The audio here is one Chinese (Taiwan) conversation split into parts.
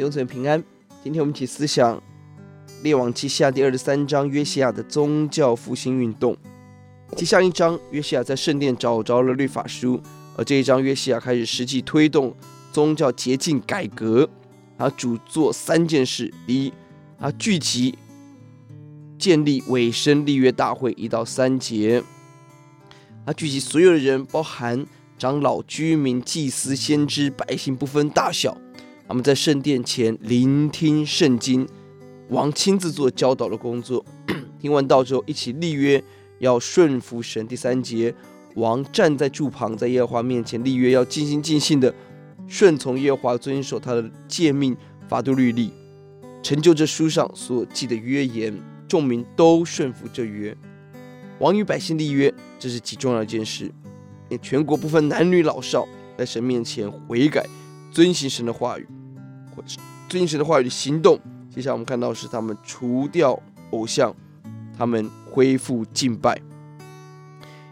永存平安。今天我們一起思想，《列王紀下》第二十三章約西亞的宗教復興運動。接下一章，約西亞在聖殿找着了律法書，而這一章約西亞開始實際推動宗教潔淨改革。啊，主做三件事：一，啊，聚集建立委身立約大會一到三節。啊，聚集所有的人，包含長老、居民、祭司、先知、百姓，不分大小。他們在聖殿前聆聽聖經，王親自做教導的工作。 聽完道之後，一起立約要順服神。第三節，王站在柱旁，在耶和華面前立約，要盡心盡性的順從耶和華，遵守他的誡命、法度、律例，成就這書上所記的約言。眾民都順服這約。王與百姓立約，這是極重要一件事。連全國不分男女老少，在神面前悔改，遵行神的話語。遵循的話語的行動。接下來我們看到是他們除掉偶像，他們恢復敬拜。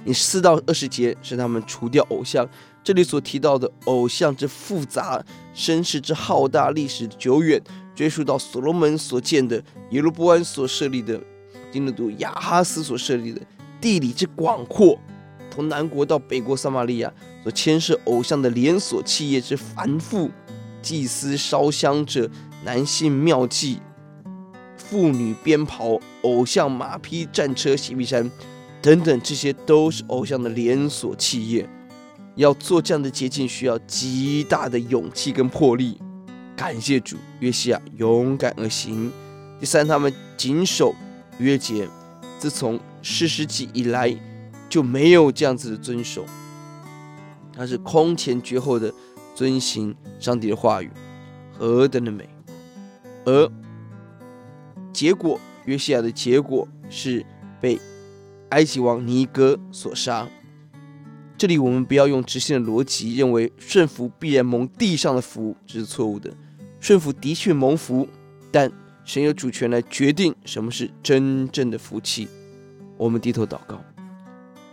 第四到二十節是他們除掉偶像。這裡所提到的偶像之複雜，聲勢之浩大，歷史之久遠，追溯到所羅門所建的、耶羅波安所設立的、第二讀亞哈斯所設立的。地理之廣闊，從南國到北國撒瑪利亞所牽涉偶像的連鎖企業之繁複。祭司、燒香者，男性廟妓，婦女編袍，偶像馬匹、戰車、邪辟山等等，這些都是偶像的連鎖企業。要做這樣的潔淨，需要極大的勇氣跟魄力。感謝主，約西亞勇敢而行。第三，他們謹守逾越節，自從士師起以來就沒有這樣子的遵守，他是空前絕後的。遵行上帝的話語，何等的美！而結果，約西亞的結果是被埃及王尼哥所殺。這裡我們不要用直線的邏輯，認為順服必然蒙地上的福，這是錯誤的。順服的確蒙福，但神有主權來決定什麼是真正的福氣。我們低頭禱告，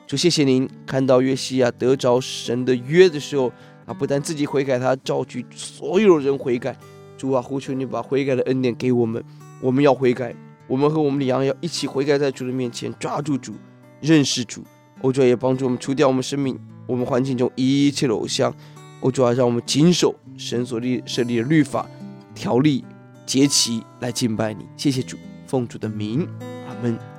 主，謝謝您看到約西亞得着神的約的時候。啊！不但自己悔改他，他召集所有人悔改。主啊，呼求你把悔改的恩典給我們，我們要悔改，我們和我們的羊要一起悔改，在主的面前抓住主，認識主。哦、主啊，也幫助我們除掉我們生命、我們環境中一切的偶像。哦、主啊，讓我們謹守神所立設立的律法、條例、節期來敬拜你。謝謝主，奉主的名，阿門。